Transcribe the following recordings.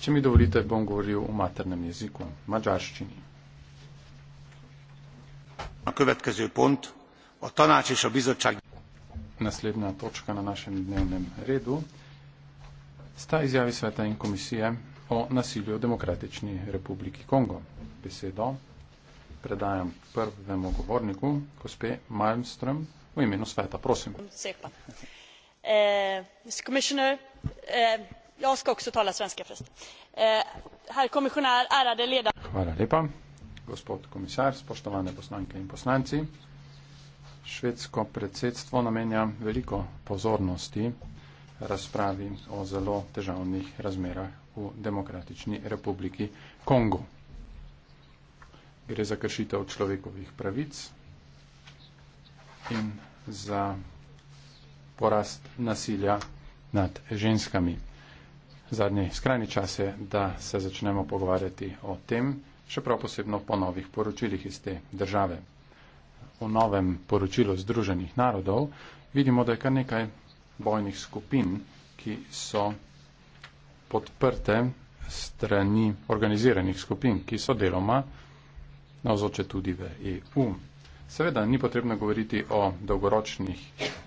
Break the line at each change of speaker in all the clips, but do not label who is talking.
Če mi dovolite, bom govoril v maternem jeziku, madžarščini. Naslednja točka na našem dnevnem redu sta izjavi sveta in komisije o nasilju v Demokratični republiki Kongo. Besedo predajam prvemu govorniku, gospe Malmström, v imenu sveta. Prosim.
Vsepa. Eh, eh, eh, herr kommissar ärade
ledamöter! švedsko predsedstvo namenja veliko pozornosti razpravi o zelo težavnih razmerah v demokratični republiki kongo. gre za kršitev človekovih pravic in za porast nasilja nad ženskami. Zadnji skrajni čas je, da se začnemo pogovarjati o tem, še prav posebno po novih poročilih iz te države. V novem poročilu Združenih narodov vidimo, da je kar nekaj bojnih skupin, ki so podprte strani organiziranih skupin, ki so deloma navzoče tudi v EU. Seveda ni potrebno govoriti o dolgoročnih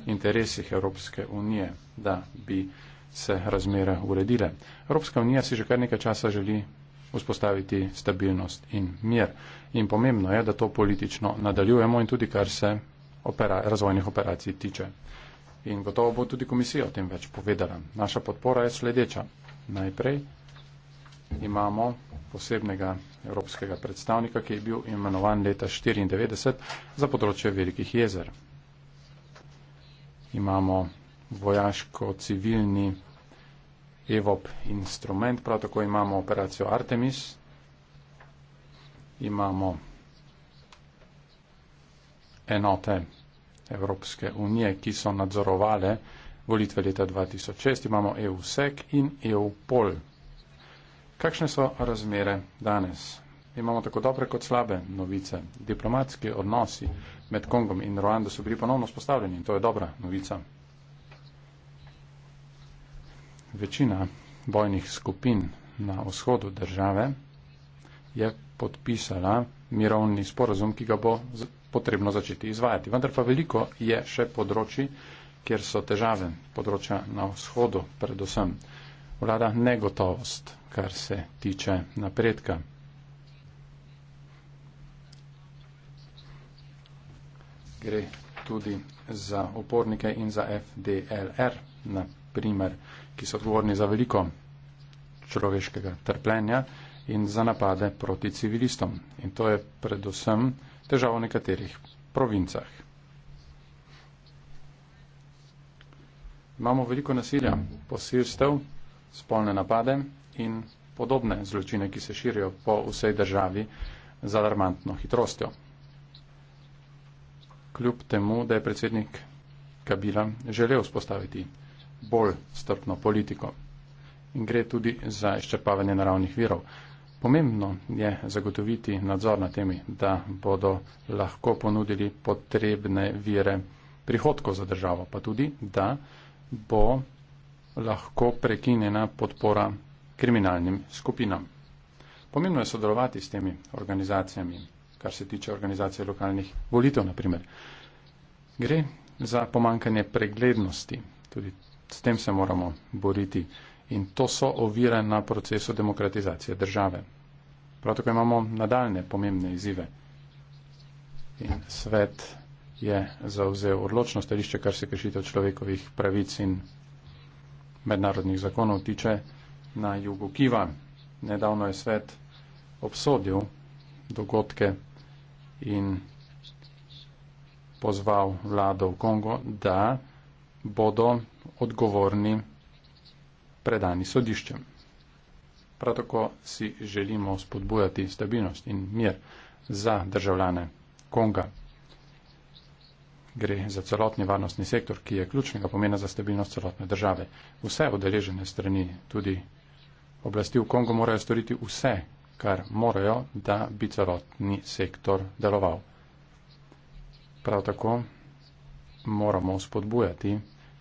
interesih Evropske unije, da bi se razmere uredile. Evropska unija si že kar nekaj časa želi vzpostaviti stabilnost in mir. In pomembno je, da to politično nadaljujemo in tudi kar se opera razvojnih operacij tiče. In gotovo bo tudi komisija o tem več povedala. Naša podpora je sledeča. Najprej imamo posebnega evropskega predstavnika, ki je bil imenovan leta 1994 za področje velikih jezer. Imamo vojaško-civilni EVOP instrument, prav tako imamo operacijo Artemis, imamo enote Evropske unije, ki so nadzorovale volitve leta 2006, imamo EU-SEC in EU-POL. Kakšne so razmere danes? Imamo tako dobre kot slabe novice. Diplomatski odnosi med Kongom in Ruando so bili ponovno spostavljeni in to je dobra novica. Večina bojnih skupin na vzhodu države je podpisala mirovni sporazum, ki ga bo potrebno začeti izvajati. Vendar pa veliko je še področji, kjer so težave področja na vzhodu predvsem vlada negotovost, kar se tiče napredka. Gre tudi za upornike in za FDLR, naprimer, ki so odgovorni za veliko človeškega trpljenja in za napade proti civilistom. In to je predvsem težava v nekaterih provincah. Imamo veliko nasilja posilstev, spolne napade in podobne zločine, ki se širijo po vsej državi z alarmantno hitrostjo. Kljub temu, da je predsednik Kabila želel spostaviti bolj strpno politiko in gre tudi za izčrpavanje naravnih virov. Pomembno je zagotoviti nadzor na temi, da bodo lahko ponudili potrebne vire prihodkov za državo, pa tudi, da bo lahko prekinjena podpora kriminalnim skupinam. Pomembno je sodelovati s temi organizacijami, kar se tiče organizacije lokalnih volitev, naprimer. Gre za pomankanje preglednosti, tudi s tem se moramo boriti in to so ovire na procesu demokratizacije države. Prav tako imamo nadaljne pomembne izzive in svet je zauzel odločno stališče, kar se kršitev človekovih pravic in mednarodnih zakonov tiče na jugu Kiva. Nedavno je svet obsodil dogodke in pozval vlado v Kongo, da bodo odgovorni predani sodiščem. Prav tako si želimo spodbujati stabilnost in mir za državljane Konga gre za celotni varnostni sektor, ki je ključnega pomena za stabilnost celotne države. Vse odeležene strani, tudi oblasti v Kongu, morajo storiti vse, kar morajo, da bi celotni sektor deloval. Prav tako moramo spodbujati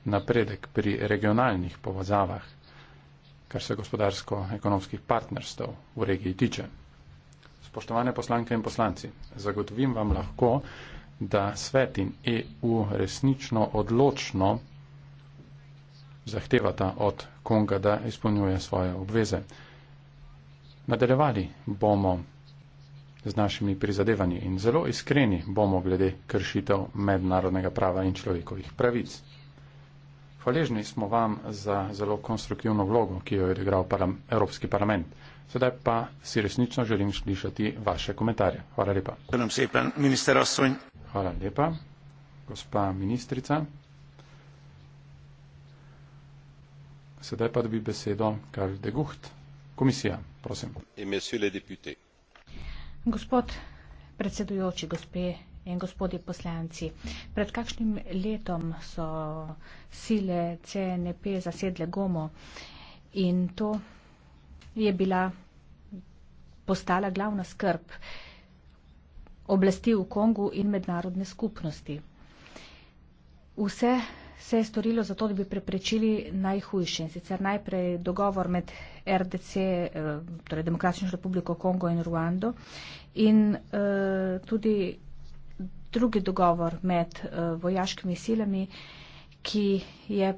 napredek pri regionalnih povezavah, kar se gospodarsko-ekonomskih partnerstv v regiji tiče. Spoštovane poslanke in poslanci, zagotovim vam lahko, da svet in EU resnično odločno zahtevata od Konga, da izpolnjuje svoje obveze. Nadaljevali bomo z našimi prizadevanji in zelo iskreni bomo glede kršitev mednarodnega prava in človekovih pravic. Hvaležni smo vam za zelo konstruktivno vlogo, ki jo je odigral param, Evropski parlament. Sedaj pa si resnično želim slišati vaše komentarje. Hvala lepa. Hvala lepa. Gospa ministrica. Sedaj pa dobi besedo Karl de Gucht. Komisija, prosim.
Gospod predsedujoči, gospe in gospodje poslanci, pred kakšnim letom so sile CNP zasedle Gomo in to je bila postala glavna skrb oblasti v Kongu in mednarodne skupnosti. Vse se je storilo zato, da bi preprečili najhujše. Sicer najprej dogovor med RDC, eh, torej Demokratično republiko Kongo in Ruando, in eh, tudi drugi dogovor med eh, vojaškimi silami, ki je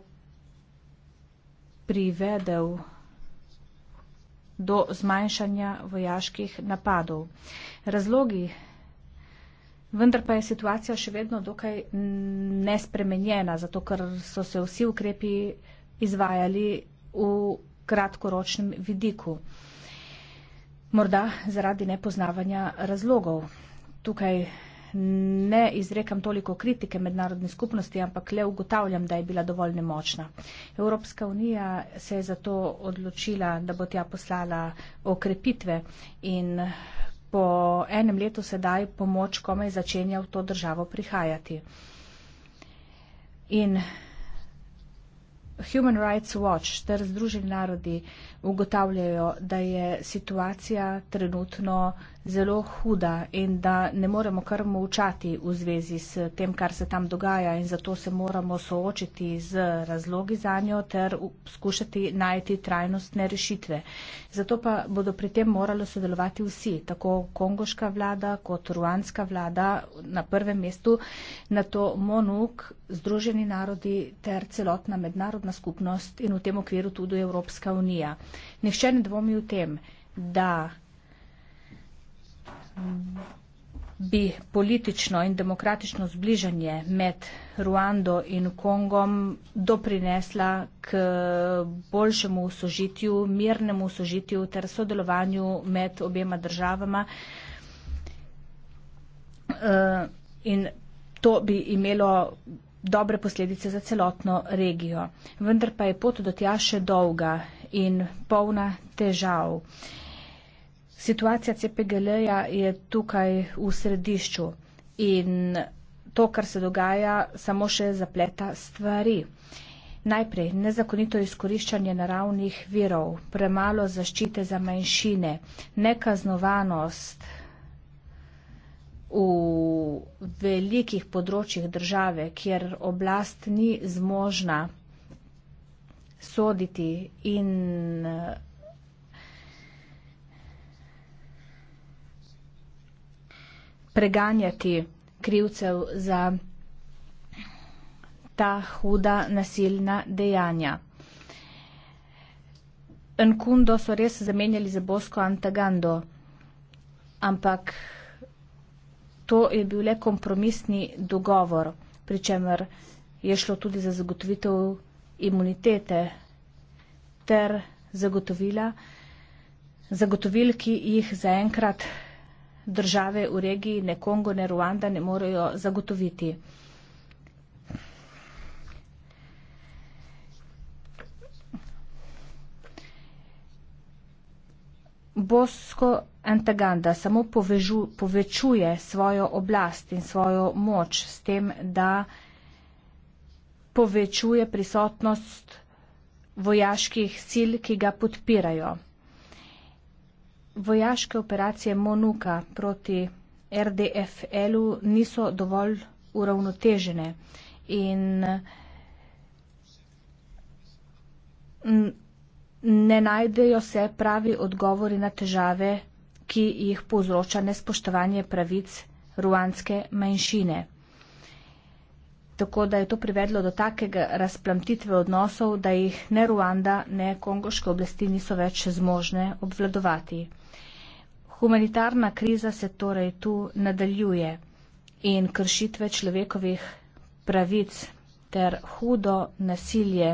privedel do zmanjšanja vojaških napadov. Razlogi Vendar pa je situacija še vedno dokaj nespremenjena, zato ker so se vsi ukrepi izvajali v kratkoročnem vidiku. Morda zaradi nepoznavanja razlogov. Tukaj ne izrekam toliko kritike mednarodne skupnosti, ampak le ugotavljam, da je bila dovolj nemočna. Evropska unija se je zato odločila, da bo tja poslala okrepitve in po enem letu sedaj pomoč komaj začenja v to državo prihajati. In Human Rights Watch ter Združeni narodi ugotavljajo, da je situacija trenutno zelo huda in da ne moremo kar molčati v zvezi s tem, kar se tam dogaja in zato se moramo soočiti z razlogi za njo ter skušati najti trajnostne rešitve. Zato pa bodo pri tem moralo sodelovati vsi, tako kongoška vlada kot ruanska vlada na prvem mestu, na to Monuk, Združeni narodi ter celotna mednarodna skupnost in v tem okviru tudi Evropska unija. Nihče ne dvomi v tem, da bi politično in demokratično zbližanje med Ruando in Kongom doprinesla k boljšemu sožitju, mirnemu sožitju ter sodelovanju med obema državama. Eh, in to bi imelo dobre posledice za celotno regijo. Vendar pa je pot do tja še dolga in polna težav. Situacija CPGL-ja je tukaj v središču in to, kar se dogaja, samo še zapleta stvari. Najprej nezakonito izkoriščanje naravnih virov, premalo zaščite za manjšine, nekaznovanost v velikih področjih države, kjer oblast ni zmožna soditi in preganjati krivcev za ta huda nasilna dejanja. Nkundo so res zamenjali za Bosko Antagando, ampak to je bil le kompromisni dogovor, pri čemer je šlo tudi za zagotovitev imunitete ter zagotovila, zagotovil, ki jih zaenkrat države v regiji ne Kongo, ne Ruanda ne morejo zagotoviti. Bosko Antaganda samo povežu, povečuje svojo oblast in svojo moč s tem, da povečuje prisotnost vojaških sil, ki ga podpirajo vojaške operacije Monuka proti RDFL-u niso dovolj uravnotežene in ne najdejo se pravi odgovori na težave, ki jih povzroča nespoštovanje pravic ruanske manjšine. Tako da je to privedlo do takega razplamtitve odnosov, da jih ne Ruanda, ne kongoške oblasti niso več zmožne obvladovati. Humanitarna kriza se torej tu nadaljuje in kršitve človekovih pravic ter hudo nasilje,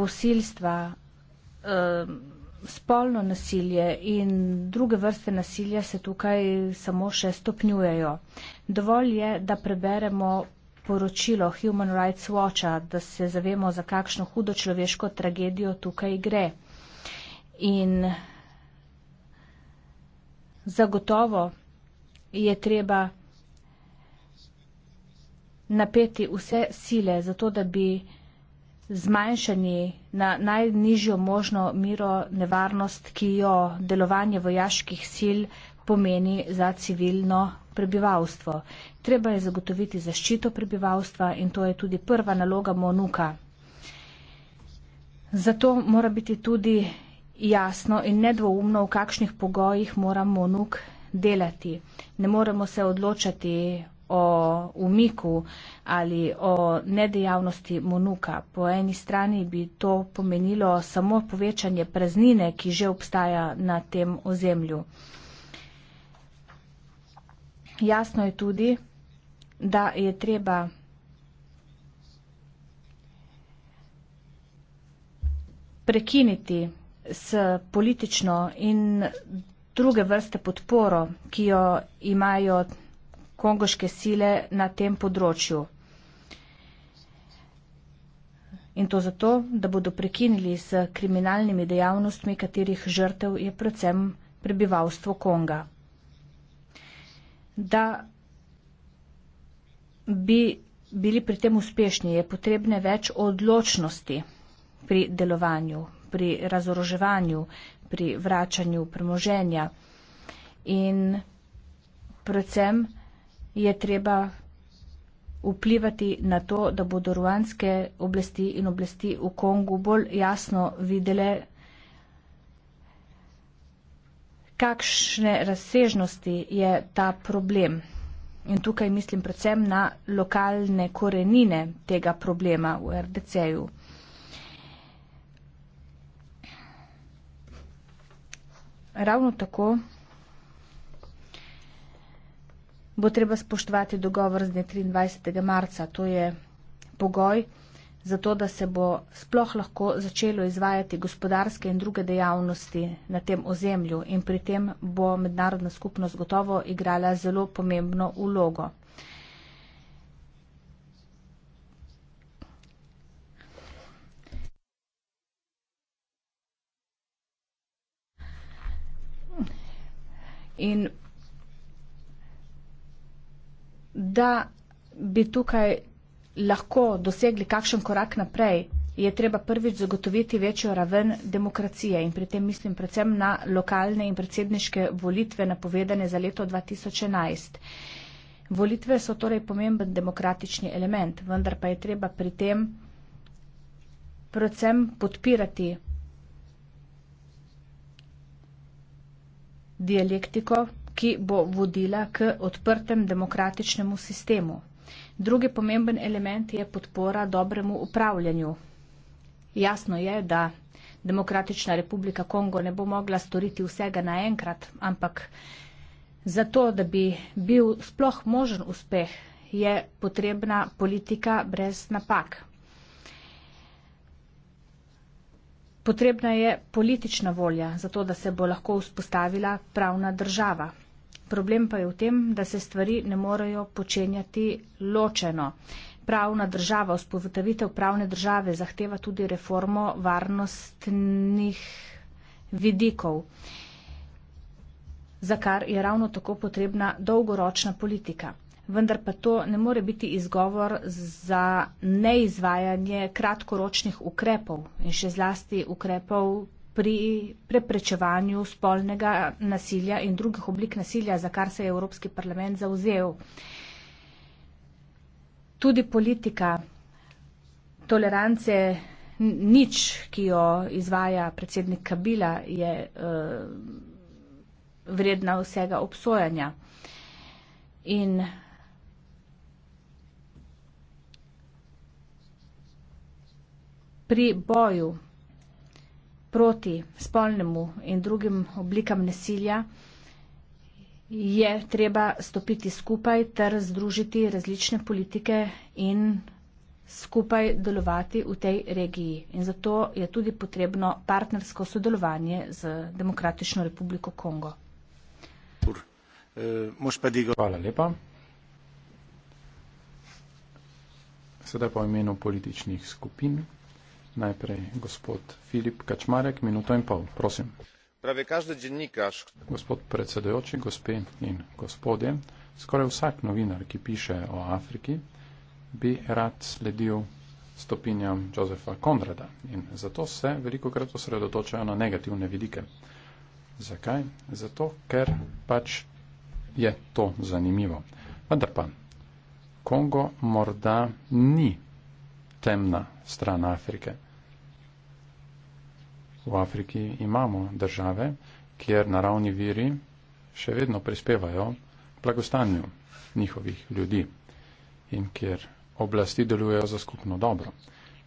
posilstva, eh, spolno nasilje in druge vrste nasilja se tukaj samo še stopnjujejo. Dovolj je, da preberemo poročilo Human Rights Watcha, da se zavemo, za kakšno hudo človeško tragedijo tukaj gre. In zagotovo je treba napeti vse sile, zato da bi zmanjšani na najnižjo možno miro nevarnost, ki jo delovanje vojaških sil pomeni za civilno prebivalstvo. Treba je zagotoviti zaščito prebivalstva in to je tudi prva naloga monuka. Zato mora biti tudi jasno in nedvoumno, v kakšnih pogojih mora monuk delati. Ne moremo se odločati o umiku ali o nedejavnosti monuka. Po eni strani bi to pomenilo samo povečanje praznine, ki že obstaja na tem ozemlju. Jasno je tudi, da je treba prekiniti s politično in druge vrste podporo, ki jo imajo kongoške sile na tem področju. In to zato, da bodo prekinili s kriminalnimi dejavnostmi, katerih žrtev je predvsem prebivalstvo Konga. Da bi bili pri tem uspešni, je potrebne več odločnosti pri delovanju, pri razoroževanju, pri vračanju premoženja in predvsem, da bi bili pri tem uspešni je treba vplivati na to, da bodo ruanske oblasti in oblasti v Kongu bolj jasno videle, kakšne razsežnosti je ta problem. In tukaj mislim predvsem na lokalne korenine tega problema v RDC-ju. Ravno tako bo treba spoštovati dogovor z dne 23. marca. To je pogoj za to, da se bo sploh lahko začelo izvajati gospodarske in druge dejavnosti na tem ozemlju in pri tem bo mednarodna skupnost gotovo igrala zelo pomembno ulogo. In da bi tukaj lahko dosegli kakšen korak naprej, je treba prvič zagotoviti večjo raven demokracije in pri tem mislim predvsem na lokalne in predsedniške volitve napovedane za leto 2011. Volitve so torej pomemben demokratični element, vendar pa je treba pri tem predvsem podpirati dialektiko, ki bo vodila k odprtem demokratičnemu sistemu. Drugi pomemben element je podpora dobremu upravljanju. Jasno je, da Demokratična republika Kongo ne bo mogla storiti vsega naenkrat, ampak zato, da bi bil sploh možen uspeh, je potrebna politika brez napak. Potrebna je politična volja, zato da se bo lahko vzpostavila pravna država. Problem pa je v tem, da se stvari ne morejo počenjati ločeno. Pravna država, vzpostavitev pravne države zahteva tudi reformo varnostnih vidikov, za kar je ravno tako potrebna dolgoročna politika. Vendar pa to ne more biti izgovor za neizvajanje kratkoročnih ukrepov in še zlasti ukrepov, pri preprečevanju spolnega nasilja in drugih oblik nasilja, za kar se je Evropski parlament zauzel. Tudi politika tolerance nič, ki jo izvaja predsednik Kabila, je uh, vredna vsega obsojanja. In pri boju proti spolnemu in drugim oblikam nasilja, je treba stopiti skupaj ter združiti različne politike in skupaj delovati v tej regiji. In zato je tudi potrebno partnersko sodelovanje z Demokratično republiko Kongo.
E, Hvala lepa. Sedaj pa v imenu političnih skupin. Najprej gospod Filip Kačmarek, minuto in pol, prosim. Pravi každa dženikaš. Gospod predsedojoči, gospe in gospodje, skoraj vsak novinar, ki piše o Afriki, bi rad sledil stopinjam Josefa Konrada in zato se veliko krat osredotočajo na negativne vidike. Zakaj? Zato, ker pač je to zanimivo. Vendar pa, Kongo morda ni temna stran Afrike. V Afriki imamo države, kjer naravni viri še vedno prispevajo blagostanju njihovih ljudi in kjer oblasti delujejo za skupno dobro.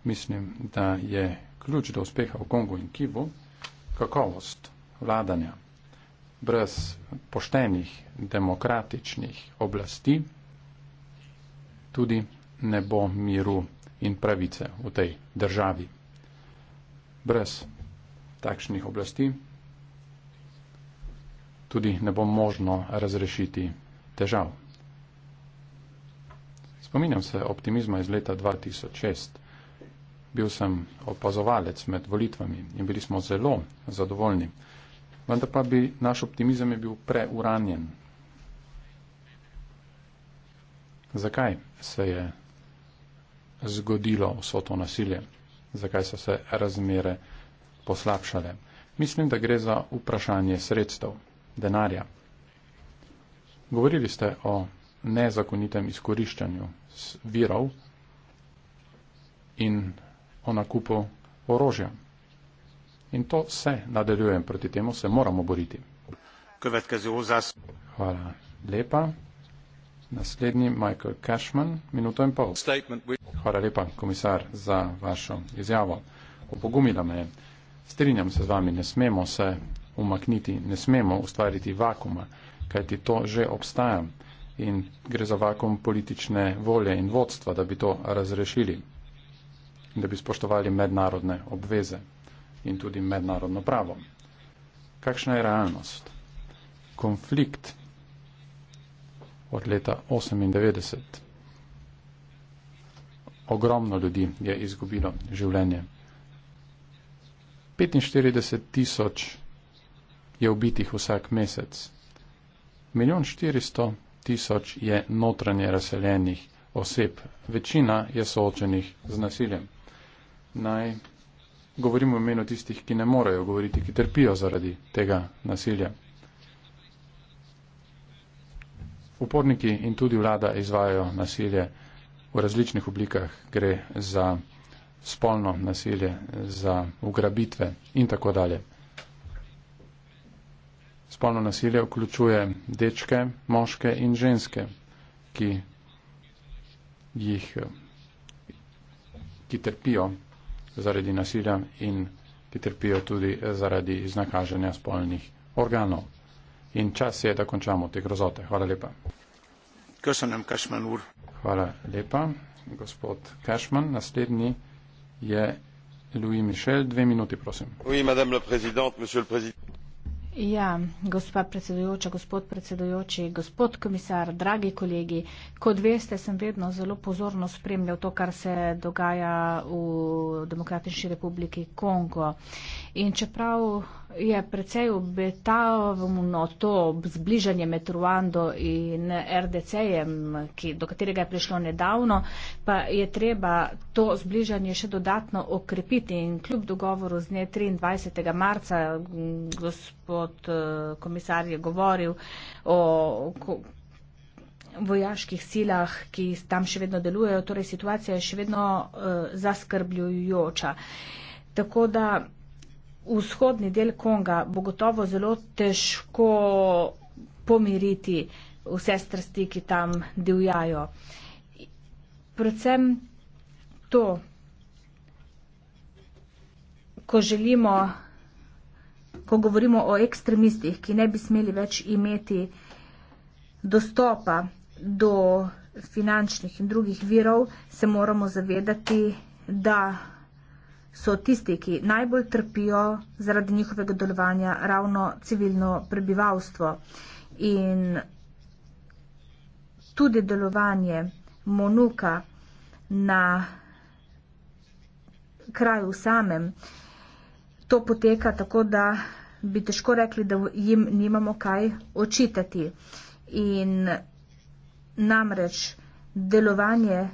Mislim, da je ključ do uspeha v Kongu in Kivu kakovost vladanja. Brez poštenih demokratičnih oblasti tudi ne bo miru in pravice v tej državi. Brez takšnih oblasti tudi ne bo možno razrešiti težav. Spominjam se optimizma iz leta 2006. Bil sem opazovalec med volitvami in bili smo zelo zadovoljni. Vendar pa bi naš optimizem je bil preuranjen. Zakaj se je zgodilo vso to nasilje, zakaj so se razmere poslabšale. Mislim, da gre za vprašanje sredstev, denarja. Govorili ste o nezakonitem izkoriščanju virov in o nakupu orožja. In to se nadaljuje, proti temu se moramo boriti. Hvala lepa. Naslednji Michael Cashman, minuto in pol. Hvala lepa, komisar, za vašo izjavo. Opogumila me je. Strinjam se z vami, ne smemo se umakniti, ne smemo ustvariti vakuma, kajti to že obstaja in gre za vakum politične volje in vodstva, da bi to razrešili, da bi spoštovali mednarodne obveze in tudi mednarodno pravo. Kakšna je realnost? Konflikt od leta 1998. Ogromno ljudi je izgubilo življenje. 45 tisoč je ubitih vsak mesec. Milijon 400 tisoč je notranje razseljenih oseb. Večina je soočenih z nasiljem. Naj govorimo v imenu tistih, ki ne morejo govoriti, ki trpijo zaradi tega nasilja. Uporniki in tudi vlada izvajajo nasilje v različnih oblikah, gre za spolno nasilje, za ugrabitve in tako dalje. Spolno nasilje vključuje dečke, moške in ženske, ki, jih, ki trpijo zaradi nasilja in ki trpijo tudi zaradi iznakaženja spolnih organov in čas je, da končamo te grozote. Hvala lepa. Kršanem, Kašman, ur. Hvala lepa, gospod Kašman. Naslednji je Louis Michel. Dve minuti, prosim. Oui,
Ja, gospa predsedujoča, gospod predsedujoči, gospod komisar, dragi kolegi, kot veste, sem vedno zelo pozorno spremljal to, kar se dogaja v Demokratični republiki Kongo. In čeprav je precej obetavno no, to zbližanje med Ruando in RDC-jem, do katerega je prišlo nedavno, pa je treba to zbližanje še dodatno okrepiti. In kljub dogovoru z dne 23. marca, gospod eh, komisar je govoril o vojaških silah, ki tam še vedno delujejo, torej situacija je še vedno uh, zaskrbljujoča. Tako da vzhodni del Konga bo gotovo zelo težko pomiriti vse strasti, ki tam divjajo. Predvsem to, ko želimo, ko govorimo o ekstremistih, ki ne bi smeli več imeti dostopa do finančnih in drugih virov, se moramo zavedati, da so tisti, ki najbolj trpijo zaradi njihovega delovanja ravno civilno prebivalstvo. In tudi delovanje monuka na kraju samem, to poteka tako, da bi težko rekli, da jim nimamo kaj očitati. In namreč delovanje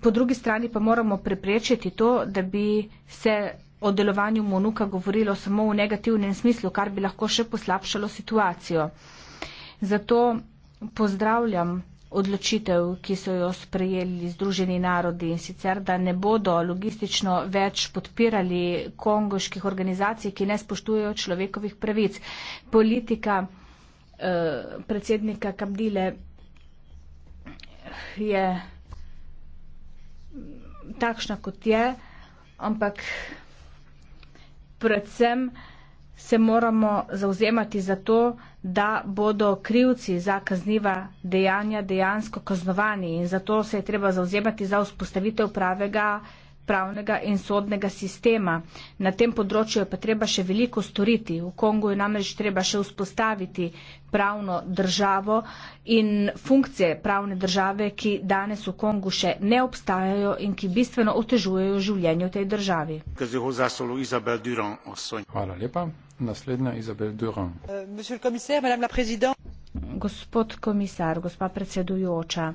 po drugi strani pa moramo preprečiti to, da bi se o delovanju monuka govorilo samo v negativnem smislu, kar bi lahko še poslabšalo situacijo. Zato pozdravljam odločitev, ki so jo sprejeli Združeni narodi in sicer, da ne bodo logistično več podpirali kongoških organizacij, ki ne spoštujejo človekovih pravic. Politika eh, predsednika Kabdile je takšna, kot je, ampak predvsem se moramo zauzemati za to, da bodo krivci za kazniva dejanja dejansko kaznovani in zato se je treba zauzemati za vzpostavitev pravega pravnega in sodnega sistema. Na tem področju je pa treba še veliko storiti. V Kongu je namreč treba še vzpostaviti pravno državo in funkcije pravne države, ki danes v Kongu še ne obstajajo in ki bistveno otežujejo življenje v tej državi.
Hvala lepa. Naslednja Izabel Durand.
Gospod komisar, gospa predsedujoča,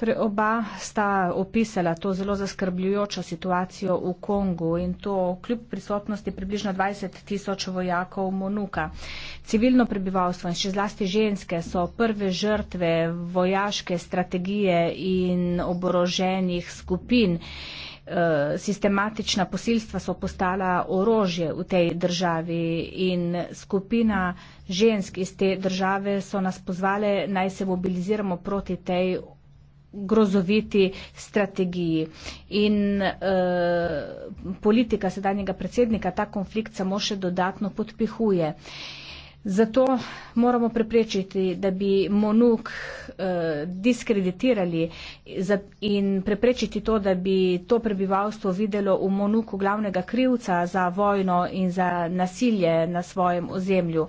torej oba sta opisala to zelo zaskrbljujočo situacijo v Kongu in to kljub prisotnosti približno 20 tisoč vojakov Monuka. Civilno prebivalstvo in še zlasti ženske so prve žrtve vojaške strategije in oboroženih skupin. Eh, sistematična posilstva so postala orožje v tej državi in skupina žensk iz te države so nas pozvale, naj se mobiliziramo proti tej grozoviti strategiji. In eh, politika sedanjega predsednika ta konflikt samo še dodatno podpihuje. Eh, Zato moramo preprečiti, da bi Monuk eh, diskreditirali in preprečiti to, da bi to prebivalstvo videlo v Monuku glavnega krivca za vojno in za nasilje na svojem ozemlju.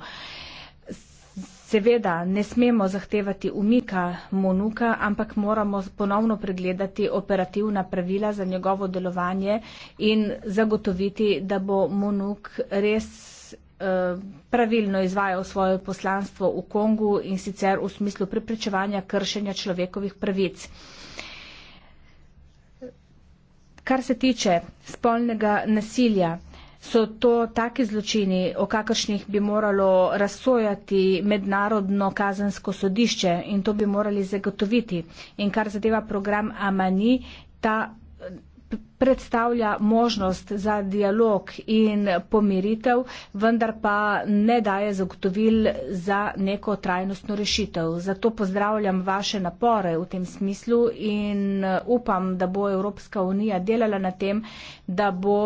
Seveda ne smemo zahtevati umika Monuka, ampak moramo ponovno pregledati operativna pravila za njegovo delovanje in zagotoviti, da bo Monuk res Eh, pravilno izvajal svoje poslanstvo v Kongu in sicer v smislu preprečevanja kršenja človekovih pravic. Kar se tiče spolnega nasilja, so to taki zločini, o kakršnih bi moralo razsojati mednarodno kazansko sodišče in to bi morali zagotoviti. In kar zadeva program Amani, ta predstavlja možnost za dialog in pomiritev, vendar pa ne daje zagotovil za neko trajnostno rešitev. Zato pozdravljam vaše napore v tem smislu in uh, upam, da bo Evropska unija delala na tem, da bo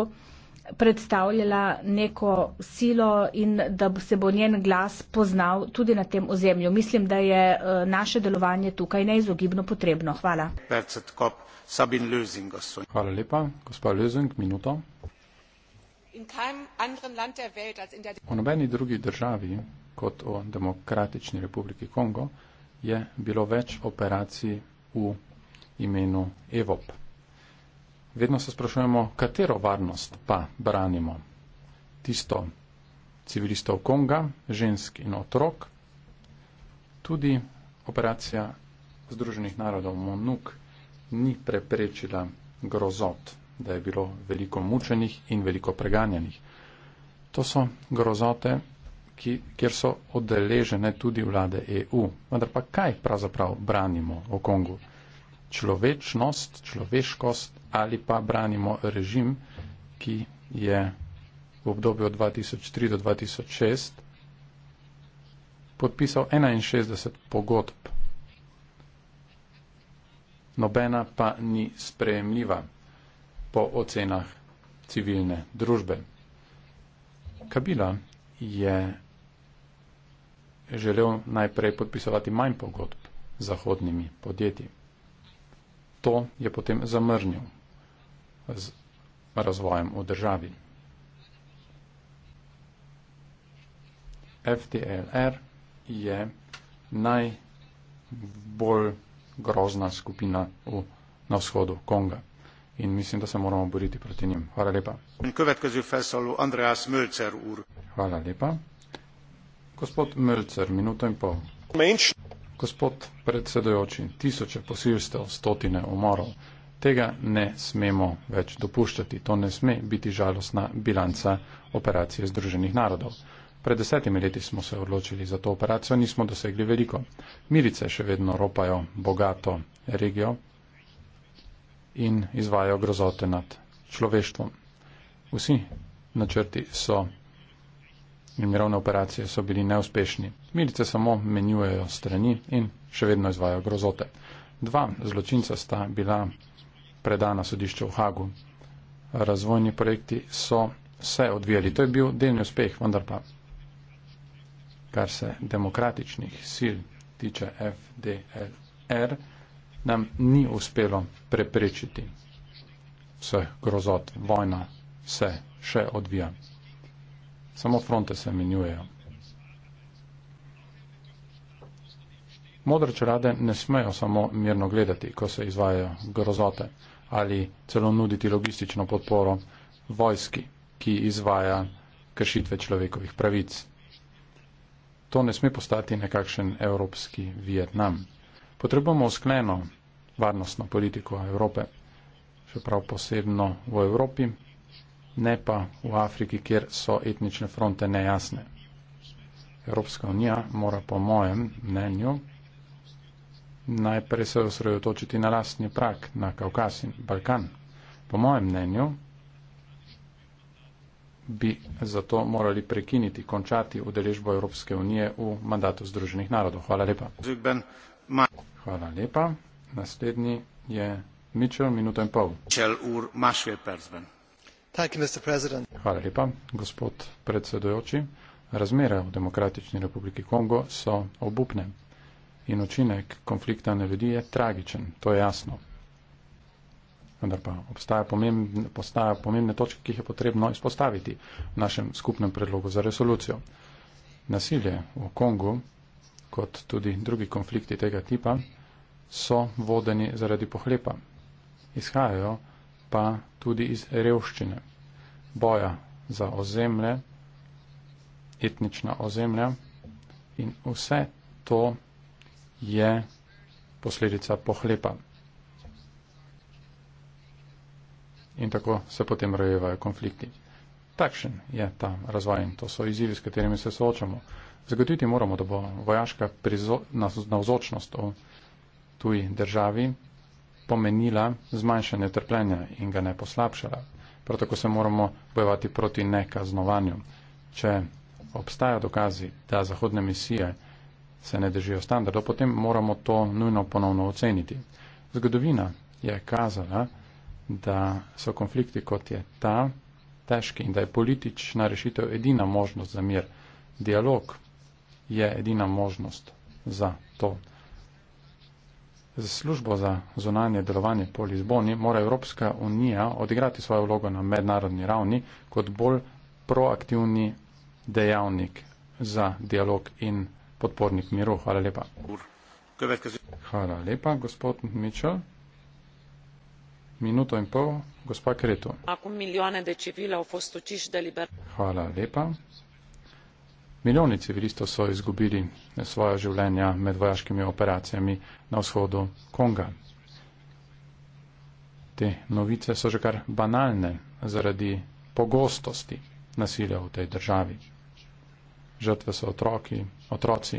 predstavljala neko silo in da se bo njen glas poznal tudi na tem ozemlju. Mislim, da je eh, naše delovanje tukaj neizogibno potrebno. Hvala.
Hvala lepa. Gospa Lösing, minuto. V nobeni drugi državi kot v Demokratični republiki Kongo je bilo več operacij v imenu Evop vedno se sprašujemo, katero varnost pa branimo. Tisto civilistov Konga, žensk in otrok, tudi operacija Združenih narodov Monuk ni preprečila grozot, da je bilo veliko mučenih in veliko preganjenih. To so grozote, ki, kjer so odeležene tudi vlade EU. Vendar pa kaj pravzaprav branimo v Kongu? Človečnost, človeškost ali pa branimo režim, ki je v obdobju od 2003 do 2006 podpisal 61 pogodb. Nobena pa ni sprejemljiva po ocenah civilne družbe. Kabila je želel najprej podpisovati manj pogodb z zahodnimi podjetji. To je potem zamrnil, z razvojem v državi. FDLR je najbolj grozna skupina v, na vzhodu Konga in mislim, da se moramo boriti proti njim. Hvala lepa. Hvala lepa. Gospod Mölcer, minuto in pol. Gospod predsedojoči, tisoče posilstev, stotine umorov. Tega ne smemo več dopuščati. To ne sme biti žalostna bilanca operacije Združenih narodov. Pred desetimi leti smo se odločili za to operacijo, nismo dosegli veliko. Milice še vedno ropajo bogato regijo in izvajo grozote nad človeštvom. Vsi načrti so in mirovne operacije so bili neuspešni. Milice samo menjujejo strani in še vedno izvajo grozote. Dva zločinca sta bila predana sodišču v Hagu. Razvojni projekti so se odvijali. To je bil delni uspeh, vendar pa, kar se demokratičnih sil tiče FDLR, nam ni uspelo preprečiti vse grozot. Vojna se še odvija. Samo fronte se menjujejo. Modre čelade ne smejo samo mirno gledati, ko se izvajajo grozote ali celo nuditi logistično podporo vojski, ki izvaja kršitve človekovih pravic. To ne sme postati nekakšen evropski Vietnam. Potrebujemo uskleno varnostno politiko Evrope, čeprav posebno v Evropi, ne pa v Afriki, kjer so etnične fronte nejasne. Evropska unija mora po mojem mnenju najprej se osredotočiti na lastni prak, na Kaukas in Balkan. Po mojem mnenju bi zato morali prekiniti, končati udeležbo Evropske unije v mandatu Združenih narodov. Hvala lepa. Hvala lepa. Naslednji je Mitchell, minuto in pol. Hvala lepa, gospod predsedujoči. Razmere v Demokratični republiki Kongo so obupne in učinek konflikta na ljudi je tragičen, to je jasno. Vendar pa obstaja pomembne, postaja pomembne točke, ki jih je potrebno izpostaviti v našem skupnem predlogu za resolucijo. Nasilje v Kongu, kot tudi drugi konflikti tega tipa, so vodeni zaradi pohlepa. Izhajajo pa tudi iz revščine. Boja za ozemlje, etnična ozemlja in vse to je posledica pohlepa. In tako se potem rojevajo konflikti. Takšen je ta razvoj in to so izzivi, s katerimi se soočamo. Zagotoviti moramo, da bo vojaška navzočnost o tuji državi pomenila zmanjšanje trpljenja in ga ne poslabšala. Prav tako se moramo bojevati proti nekaznovanju. Če obstajajo dokazi, da zahodne misije se ne držijo standardov, potem moramo to nujno ponovno oceniti. Zgodovina je kazala, da so konflikti kot je ta težki in da je politična rešitev edina možnost za mir. Dialog je edina možnost za to. Z službo za zunanje delovanje po Lizboni mora Evropska unija odigrati svojo vlogo na mednarodni ravni kot bolj proaktivni dejavnik za dialog in podpornik miru. Hvala lepa. Hvala lepa, gospod Mičel. Minuto in pol, gospa Kretu. Hvala lepa. Milijoni civilistov so izgubili svoja življenja med vojaškimi operacijami na vzhodu Konga. Te novice so že kar banalne zaradi pogostosti nasilja v tej državi žrtve so otroki, otroci,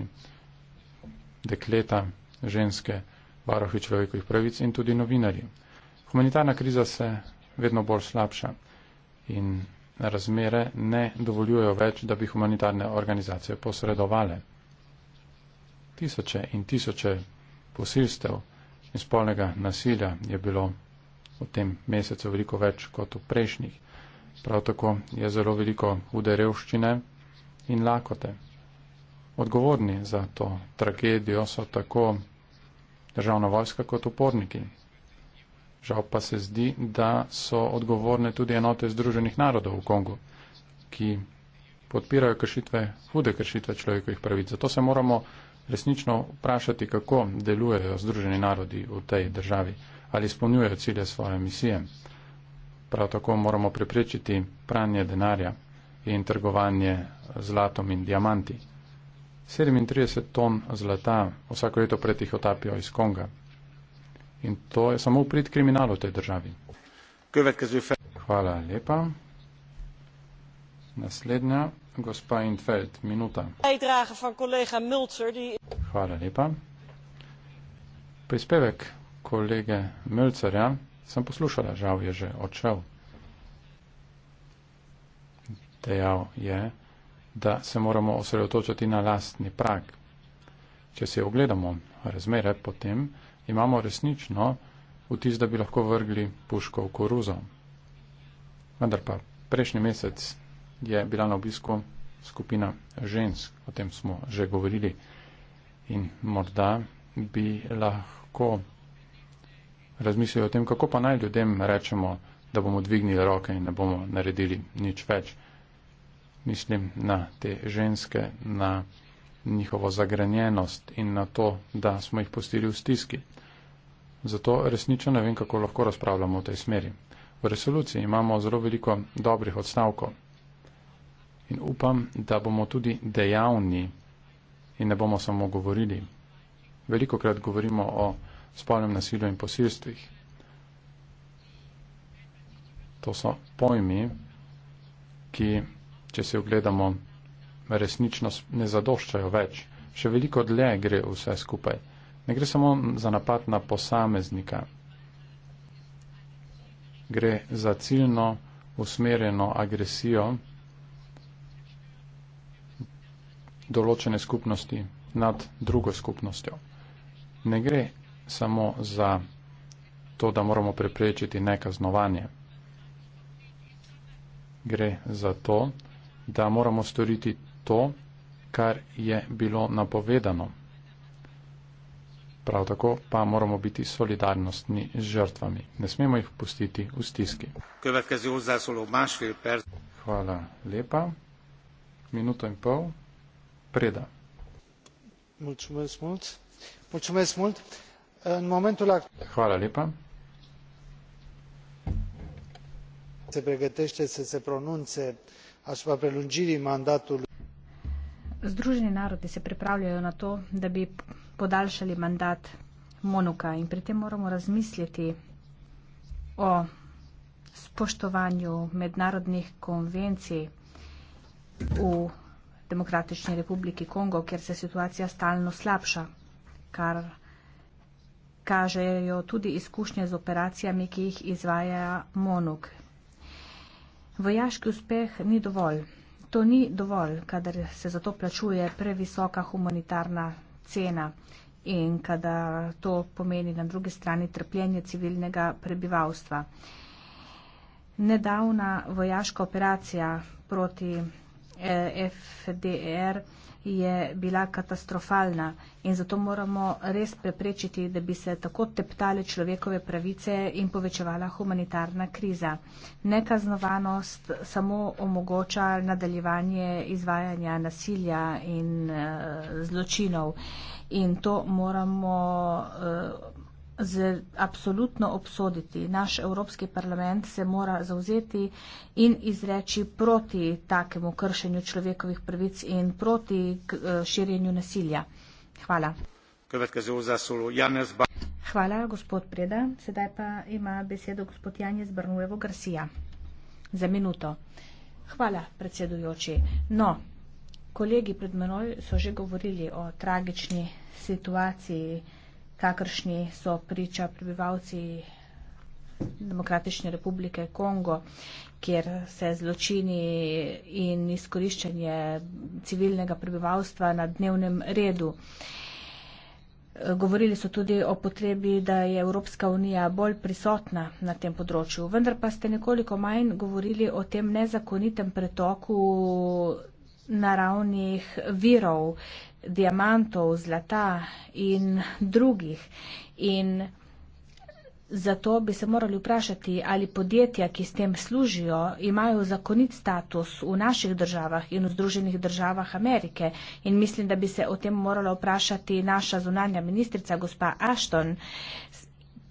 dekleta, ženske, varohi človekovih pravic in tudi novinarji. Humanitarna kriza se vedno bolj slabša in razmere ne dovoljujejo več, da bi humanitarne organizacije posredovale. Tisoče in tisoče posilstev in spolnega nasilja je bilo v tem mesecu veliko več kot v prejšnjih. Prav tako je zelo veliko hude revščine in lakote. Odgovorni za to tragedijo so tako državna vojska kot uporniki. Žal pa se zdi, da so odgovorne tudi enote Združenih narodov v Kongu, ki podpirajo kršitve, hude kršitve človekovih pravic. Zato se moramo resnično vprašati, kako delujejo Združeni narodi v tej državi, ali spolnjujejo cilje svoje misije. Prav tako moramo preprečiti pranje denarja in trgovanje zlatom in diamanti. 37 ton zlata vsako leto pred jih otapijo iz Konga. In to je samo prid kriminalu tej državi. Hvala lepa. Naslednja, gospa Intfeld, minuta. Hvala lepa. Prispevek kolege Mölcerja sem poslušala, žal je že odšel dejal je, da se moramo osredotočiti na lastni prak. Če se ogledamo razmere, potem imamo resnično vtis, da bi lahko vrgli puško v koruzo. Vendar pa prejšnji mesec je bila na obisku skupina žensk, o tem smo že govorili in morda bi lahko razmislili o tem, kako pa naj ljudem rečemo, da bomo dvignili roke in ne bomo naredili nič več mislim na te ženske, na njihovo zagrenjenost in na to, da smo jih pustili v stiski. Zato resnično ne vem, kako lahko razpravljamo v tej smeri. V resoluciji imamo zelo veliko dobrih odstavkov in upam, da bomo tudi dejavni in ne bomo samo govorili. Veliko krat govorimo o spolnem nasilju in posilstvih. To so pojmi, ki če si ogledamo, resnično ne zadoščajo več. Še veliko dlje gre vse skupaj. Ne gre samo za napad na posameznika. Gre za ciljno usmerjeno agresijo določene skupnosti nad drugo skupnostjo. Ne gre samo za to, da moramo preprečiti nekaznovanje. Gre za to, da da moramo storiti to, kar je bilo napovedano. Prav tako pa moramo biti solidarnostni z žrtvami. Ne smemo jih pustiti v stiski. Hvala lepa. Minuto in pol. Preda. Hvala lepa. se
pregătește să se pronunțe
asupra prelungirii mandatului.
Združeni narodi se pripravljajo na to, da bi podaljšali mandat Monuka in pri tem moramo razmisliti o spoštovanju mednarodnih konvencij v Demokratični republiki Kongo, kjer se situacija stalno slabša, kar kažejo tudi izkušnje z operacijami, ki jih izvaja Monuk. Vojaški uspeh ni dovolj. To ni dovolj, kadar se za to plačuje previsoka humanitarna cena in kadar to pomeni na drugi strani trpljenje civilnega prebivalstva. Nedavna vojaška operacija proti eh, FDR je bila katastrofalna in zato moramo res preprečiti, da bi se tako teptale človekove pravice in povečevala humanitarna kriza. Nekaznovanost samo omogoča nadaljevanje izvajanja nasilja in uh, zločinov in to moramo. Uh, z, absolutno obsoditi. Naš Evropski parlament se mora zauzeti in izreči proti takemu kršenju človekovih pravic in proti eh, širjenju nasilja. Hvala. Hvala, gospod Preda. Sedaj pa ima besedo gospod Janje Zbrnujevo Garcia. Za minuto. Hvala, predsedujoči. No, kolegi pred menoj so že govorili o tragični situaciji kakršni so priča prebivalci Demokratične republike Kongo, kjer se zločini in izkoriščanje civilnega prebivalstva na dnevnem redu. Govorili so tudi o potrebi, da je Evropska unija bolj prisotna na tem področju. Vendar pa ste nekoliko manj govorili o tem nezakonitem pretoku naravnih virov, diamantov, zlata in drugih. In zato bi se morali vprašati, ali podjetja, ki s tem služijo, imajo zakonit status v naših državah in v Združenih državah Amerike. In mislim, da bi se o tem morala vprašati naša zunanja ministrica, gospa Ashton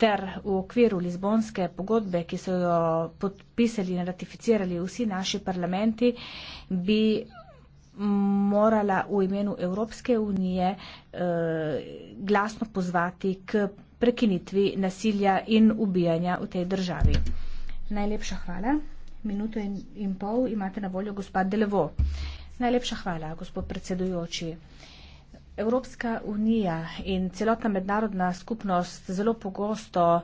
ter v okviru Lizbonske pogodbe, ki so jo podpisali in ratificirali vsi naši parlamenti, bi morala v imenu Evropske unije eh, glasno pozvati k prekinitvi nasilja in ubijanja v tej državi. Najlepša hvala. Minuto in, in pol imate na voljo gospod Delevo. Najlepša hvala, gospod predsedujoči. Evropska unija in celotna mednarodna skupnost zelo pogosto uh,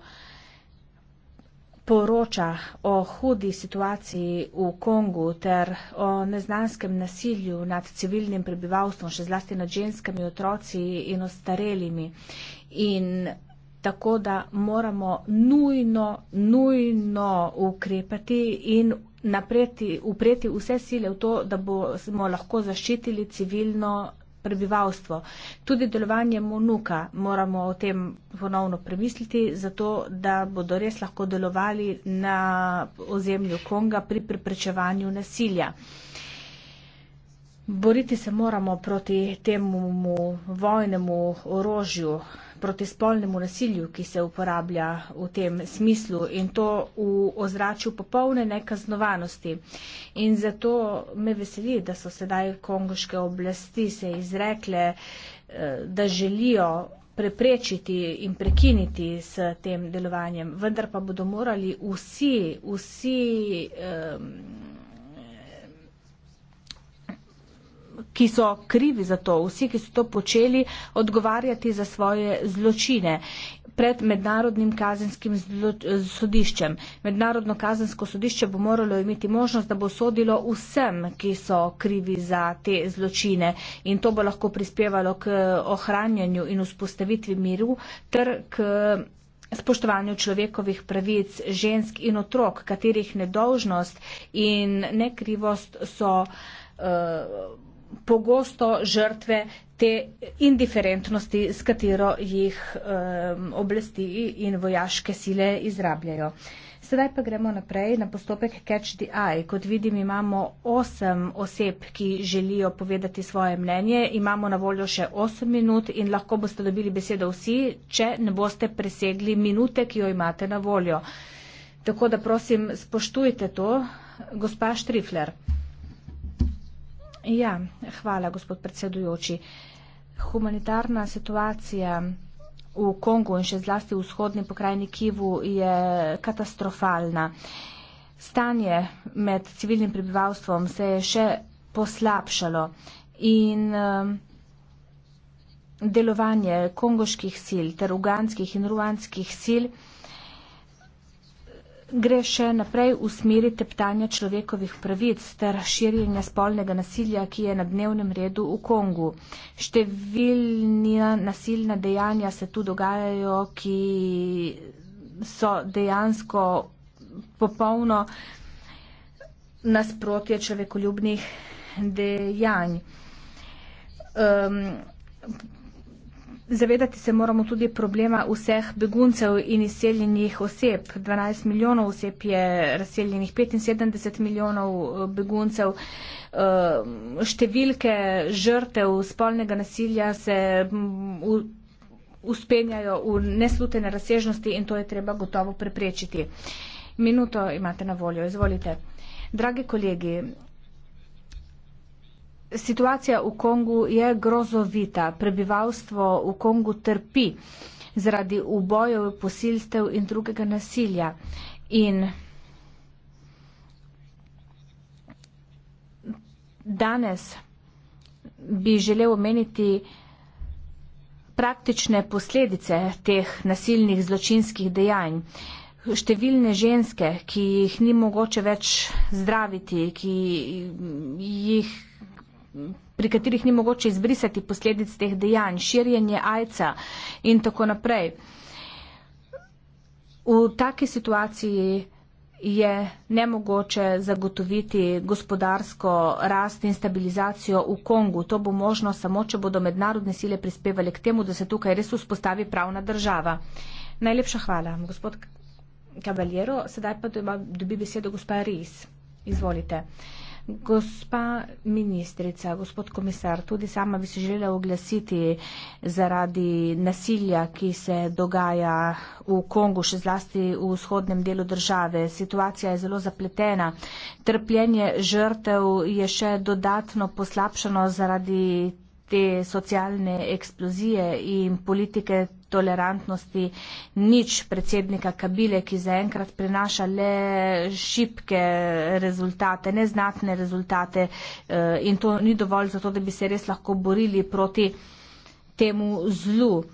poroča o hudi situaciji v Kongu ter o neznanskem nasilju nad civilnim prebivalstvom, še zlasti nad ženskami, otroci in ostarelimi. In tako da moramo nujno, nujno ukrepati in napreti, upreti vse sile v to, da bomo lahko zaščitili civilno prebivalstvo. Tudi delovanje monuka moramo o tem ponovno premisliti, zato da bodo res lahko delovali na ozemlju Konga pri preprečevanju nasilja. Boriti se moramo proti temu vojnemu orožju proti spolnemu nasilju, ki se uporablja v tem smislu in to v ozračju popolne nekaznovanosti. In zato me veseli, da so sedaj kongoške oblasti se izrekle, eh, da želijo preprečiti in prekiniti s tem delovanjem, vendar pa bodo morali vsi, vsi. Um, ki so krivi za to, vsi, ki so to počeli, odgovarjati za svoje zločine pred mednarodnim kazenskim sodiščem. Mednarodno kazensko sodišče bo moralo imeti možnost, da bo sodilo vsem, ki so krivi za te zločine in to bo lahko prispevalo k ohranjanju in vzpostavitvi miru ter k spoštovanju človekovih pravic žensk in otrok, katerih nedolžnost in nekrivost so. Uh, pogosto žrtve te indiferentnosti, s katero jih oblasti in vojaške sile izrabljajo. Sedaj pa gremo naprej na postopek Catch the Eye. Kot vidim, imamo osem oseb, ki želijo povedati svoje mnenje. Imamo na voljo še osem minut in lahko boste dobili besedo vsi, če ne boste presegli minute, ki jo imate na voljo. Tako da prosim, spoštujte to. Gospa Štrifler. Ja, hvala, gospod predsedujoči. Humanitarna situacija v Kongu in še zlasti v vzhodni pokrajini Kivu je katastrofalna. Stanje med civilnim prebivalstvom se je še poslabšalo in um, delovanje kongoških sil ter uganskih in ruanskih sil gre še naprej v smeri teptanja človekovih pravic ter širjenja spolnega nasilja, ki je na dnevnem redu v Kongu. Številna nasilna dejanja se tu dogajajo, ki so dejansko popolno nasprotje človekoljubnih dejanj. Um, Zavedati se moramo tudi problema vseh beguncev in izseljenih oseb. 12 milijonov oseb je razseljenih, 75 milijonov eh, beguncev. Eh, številke žrtev spolnega nasilja se uspenjajo mm, v neslutene razsežnosti in to je treba gotovo preprečiti. Minuto imate na voljo, izvolite. Dragi kolegi, Situacija v Kongu je grozovita, prebivalstvo v Kongu trpi zaradi ubojev, posilstev in drugega nasilja. In danes bi želel omeniti praktične posledice teh nasilnih zločinskih dejanj. Številne ženske, ki jih ni mogoče več zdraviti, ki jih pri katerih ni mogoče izbrisati posledic teh dejanj, širjenje ajca in tako naprej. V taki situaciji je nemogoče zagotoviti gospodarsko rast in stabilizacijo v Kongu. To bo možno samo, če bodo mednarodne sile prispevali k temu, da se tukaj res vzpostavi pravna država. Najlepša hvala, gospod Kabaljero. Sedaj pa dobi besedo gospa Riz. Izvolite. Hvala. Gospa ministrica, gospod komisar, tudi sama bi se želela oglasiti zaradi nasilja, ki se dogaja v Kongu, še zlasti v vzhodnem delu države. Situacija je zelo zapletena. Trpljenje žrtev je še dodatno poslabšano zaradi te socialne eksplozije in politike tolerantnosti, nič predsednika Kabile, ki zaenkrat prinaša le šibke rezultate, neznatne rezultate eh, in to ni dovolj za to, da bi se res lahko borili proti temu zlu. Eh,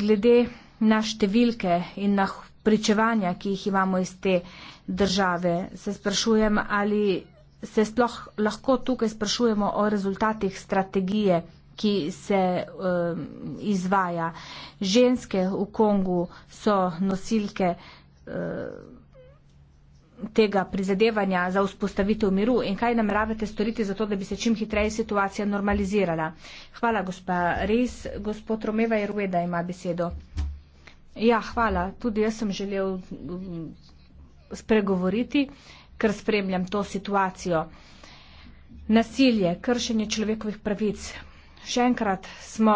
glede na številke in na pričevanja, ki jih imamo iz te države, se sprašujem, ali se sploh lahko tukaj sprašujemo o rezultatih strategije ki se um, izvaja. Ženske v Kongu so nosilke um, tega prizadevanja za vzpostavitev miru in kaj nameravate storiti za to, da bi se čim hitreje situacija normalizirala. Hvala, gospa Reis. Gospod Romeva Irveda ima besedo. Ja, hvala. Tudi jaz sem želel um, spregovoriti, ker spremljam to situacijo. Nasilje, kršenje človekovih pravic, še enkrat smo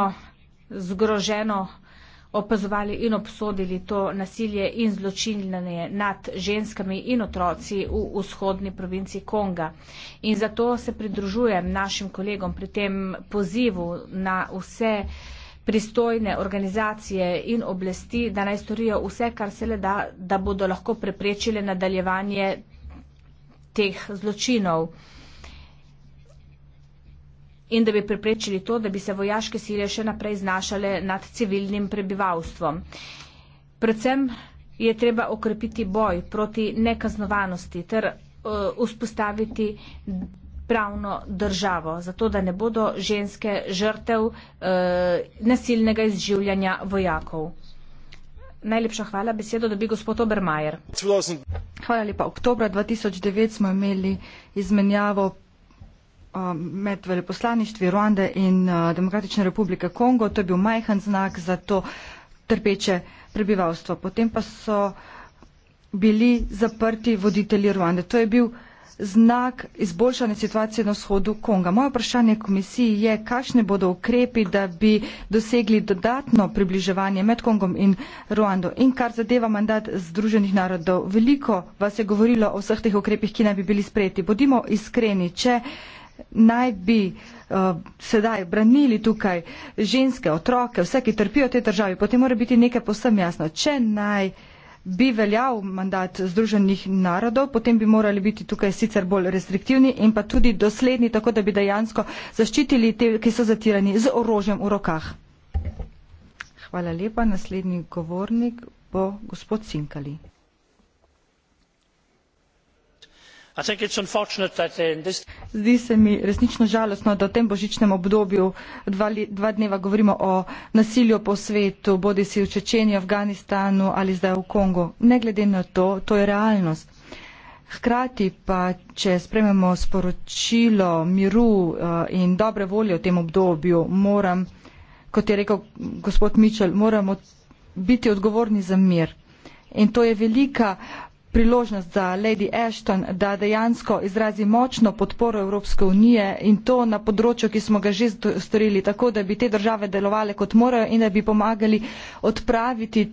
zgroženo opazovali in obsodili to nasilje in zločinjenje nad ženskami in otroci v vzhodni provinci Konga. In zato se pridružujem našim kolegom pri tem pozivu na vse pristojne organizacije in oblasti, da naj storijo vse, kar se le da, da bodo lahko preprečile nadaljevanje teh zločinov in da bi preprečili to, da bi se vojaške sile še naprej znašale nad civilnim prebivalstvom. Predvsem je treba okrepiti boj proti nekaznovanosti ter uh, vzpostaviti pravno državo, zato da ne bodo ženske žrtev uh, nasilnega izživljanja vojakov. Najlepša hvala, besedo dobi gospod Obermajer. Hvala lepa. Oktober 2009 smo imeli
izmenjavo Eh, med veleposlaništvi Ruande in uh, Demokratične republike Kongo. To je bil majhen znak za to trpeče prebivalstvo. Potem pa so bili zaprti voditelji Ruande. To je bil znak izboljšane situacije na vzhodu Konga. Moje vprašanje komisiji je, kakšne bodo ukrepi, da bi dosegli dodatno približevanje med Kongom in Ruando. In kar zadeva mandat Združenih narodov, veliko vas je govorilo o vseh teh ukrepih, ki naj bi bili sprejeti. Bodimo iskreni, če naj bi uh, sedaj branili tukaj ženske, otroke, vse, ki trpijo v tej državi, potem mora biti nekaj posebno jasno. Če naj bi veljal mandat Združenih narodov, potem bi morali biti tukaj sicer bolj restriktivni in pa tudi dosledni, tako da bi dejansko zaščitili te, ki so zatirani z orožjem v rokah. Hvala lepa. Naslednji govornik bo gospod Sinkali. Uh, zdi se mi resnično žalostno da v tem božičnem obdobju dva, dva dneva govorimo o nasilju po svetu bodisi v čečeniji afganistanu ali zdaj v kongu ne glede na to to je realnost hkrati pa če sprememo sporočilo miru uh, in dobre volje v tem obdobju moram kot je rekel gospod mičel moramo biti odgovorni za mir in to je velika priložnost za Lady Ashton, da dejansko izrazi močno podporo Evropske unije in to na področju, ki smo ga že storili, tako da bi te države delovale kot morajo in da bi pomagali odpraviti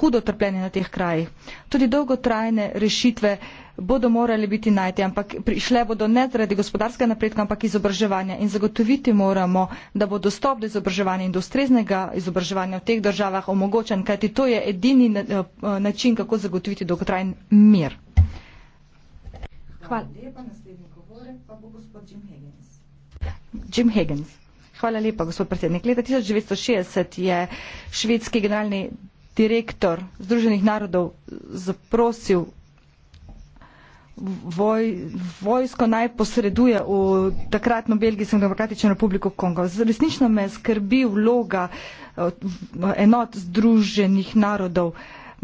hudo trpljenje na teh krajih. Tudi dolgotrajne rešitve bodo morali biti najti, ampak prišle bodo ne zaradi gospodarskega napredka, ampak izobraževanja. In zagotoviti moramo, da bo dostop do izobraževanja in do ustreznega izobraževanja v teh državah omogočen, kajti to je edini eh, eh, način, kako zagotoviti dolgotrajen mir. Hvala. Jim Higgins. Hvala lepa, gospod predsednik. Leta 1960 je švedski generalni direktor Združenih narodov zaprosil voj, vojsko naj posreduje v takratno Belgijsko demokratično republiko Kongo. Resnično me skrbi vloga eh, enot združenih narodov,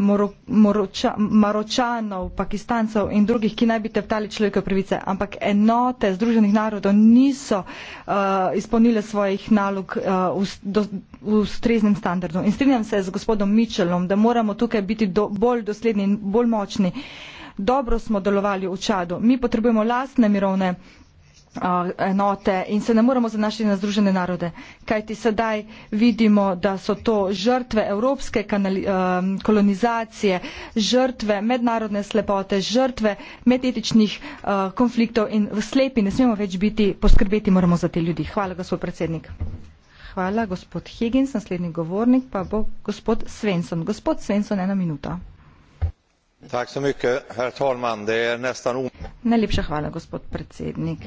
moro, moroča, maročanov, pakistancev in drugih, ki naj bi teptali človeka pravice. Ampak enote združenih narodov niso uh, izpolnile svojih nalog uh, v, v streznem standardu. In strinjam se z gospodom Mičelom, da moramo tukaj biti do, bolj dosledni in bolj močni. Uh, dobro smo delovali v Čadu, mi potrebujemo lastne mirovne uh, enote in se ne moremo zanašati na združene narode, kajti sedaj vidimo, da so to žrtve evropske uh, kolonizacije, žrtve mednarodne slepote, žrtve medetičnih uh, konfliktov in v slepi ne smemo več biti, poskrbeti moramo za te ljudi. Hvala, gospod predsednik. Hvala, gospod Higgins, naslednji govornik pa bo gospod Svensson. Gospod Svensson, ena minuta. Najlepša hvala, gospod predsednik.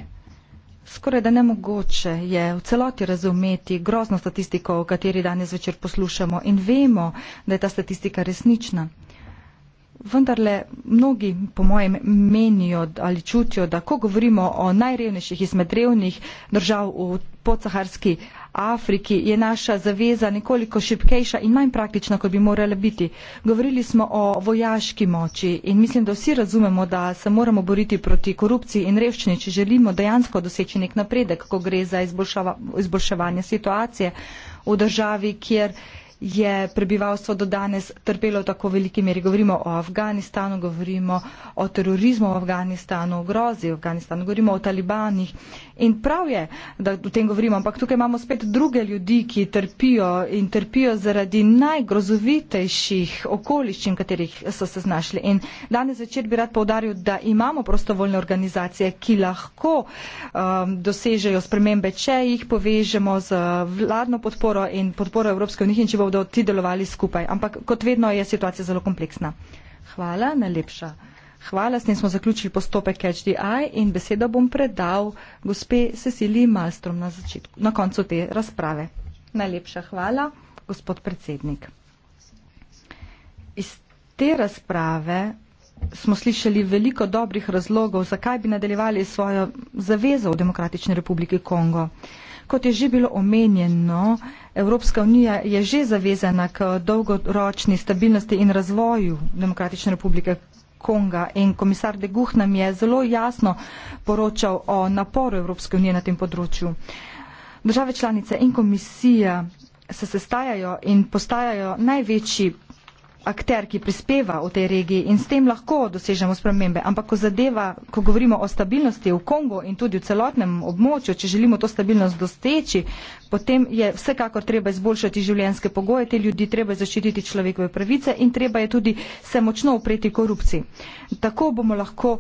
Skoraj da nemogoče je v celoti razumeti grozno statistiko, o kateri danes večer poslušamo in vemo, da je ta statistika resnična. Vendarle mnogi, po mojem, menijo ali čutijo, da ko govorimo o najrevnejših izmed revnih držav v podsaharski Afriki je naša zaveza nekoliko šipkejša in manj praktična, kot bi morala biti. Govorili smo o vojaški moči in mislim, da vsi razumemo, da se moramo boriti proti korupciji in revščini, če želimo dejansko doseči nek napredek, ko gre za izboljševanje situacije v državi, kjer je prebivalstvo do danes trpelo v tako veliki meri. Govorimo o Afganistanu, govorimo o terorizmu v Afganistanu, o grozi v Afganistanu, govorimo o talibanih. In prav je, da o tem govorimo, ampak tukaj imamo spet druge ljudi, ki trpijo in trpijo zaradi najgrozovitejših okoliščin, katerih so se znašli. In danes večer bi rad povdaril, da imamo prostovoljne organizacije, ki lahko um, dosežejo spremembe, če jih povežemo z vladno podporo in podporo Evropske unije in če bo v bodo ti delovali skupaj. Ampak kot vedno je situacija zelo kompleksna. Hvala, najlepša. Hvala, s tem smo zaključili postopek HDI in besedo bom predal gospe Cecili Malstrom na, začetku, na koncu te razprave. Najlepša hvala, gospod predsednik. Iz te razprave smo slišali veliko dobrih razlogov, zakaj bi nadaljevali svojo zavezo v Demokratični republiki Kongo. Uh, Kot je že bilo omenjeno, Evropska unija je že zavezana k dolgoročni stabilnosti in razvoju Demokratične republike Konga in komisar de Guh nam je zelo jasno poročal o naporu Evropske unije na tem področju. Države članice in komisija se sestajajo in postajajo največji akter, ki prispeva v tej regiji in s tem lahko dosežemo spremembe. Ampak ko zadeva, ko govorimo o stabilnosti v Kongu in tudi v celotnem območju, če želimo to stabilnost doseči, potem je vsekakor treba izboljšati življenjske pogoje, te ljudi treba zaščititi človekove pravice in treba je tudi se močno upreti korupciji. Tako bomo lahko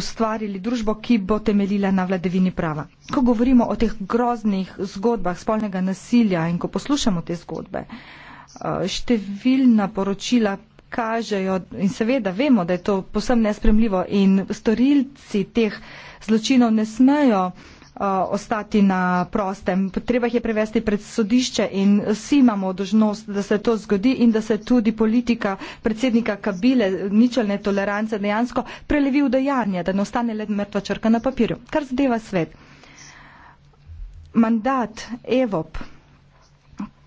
ustvarili družbo, ki bo temeljila na vladavini prava. Ko govorimo o teh groznih zgodbah spolnega nasilja in ko poslušamo te zgodbe, Eh, številna poročila kažejo in seveda vemo, da je to posebno nespremljivo in storilci teh zločinov ne smejo eh, ostati na prostem. Treba jih je prevesti pred sodišče in vsi imamo dožnost, da se to zgodi in da se tudi politika predsednika kabile ničelne tolerance dejansko prelevi v dejanje, da ne ostane le mrtva črka na papirju. Kar zadeva svet. Mandat Evop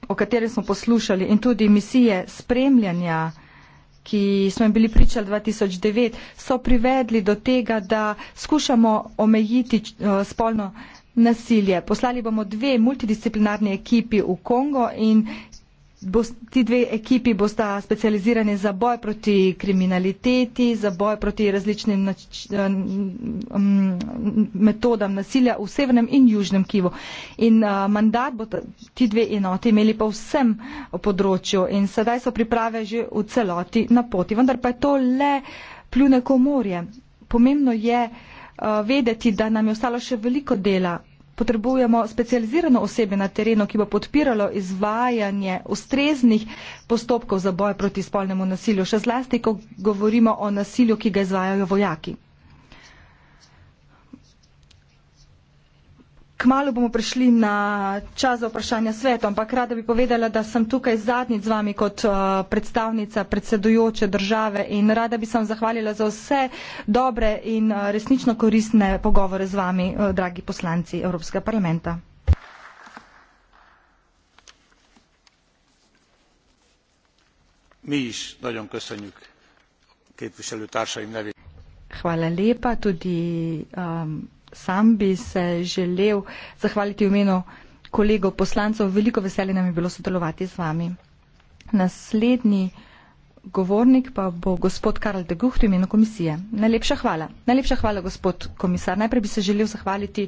o katerem smo poslušali in tudi misije spremljanja, ki smo jim bili pričali 2009, so privedli do tega, da skušamo omejiti eh, spolno nasilje. Poslali bomo dve multidisciplinarne ekipi v Kongo in bo, ti dve ekipi bosta specializirani za boj proti kriminaliteti, za boj proti različnim nač, um, metodam nasilja v severnem in južnem Kivu. In uh, mandat bo ta, ti dve enoti imeli pa vsem področju in sedaj so priprave že v celoti na poti. Vendar pa je to le pljune komorje. Pomembno je uh, vedeti, da nam je ostalo še veliko dela potrebujemo specializirano osebe na terenu, ki bo podpiralo izvajanje ustreznih postopkov za boj proti spolnemu nasilju, še zlasti, ko govorimo o nasilju, ki ga izvajajo vojaki. Kmalo bomo prišli na čas za vprašanja svetu, ampak rada bi povedala, da sem tukaj zadnji z vami kot eh, predstavnica predsedujoče države in rada bi se vam zahvalila za vse dobre in eh, resnično koristne pogovore z vami, eh, dragi poslanci Evropskega parlamenta.
Mi iz Dajon Kostanjuk, ki je poselil Tarša in Levi.
Hvala lepa tudi. Um, sam bi se želel zahvaliti v imenu kolegov poslancov. Veliko veselje nam je bilo sodelovati z vami. Naslednji govornik pa bo gospod Karl de Gucht v imenu komisije. Najlepša hvala. Najlepša hvala, gospod komisar. Najprej bi se želel zahvaliti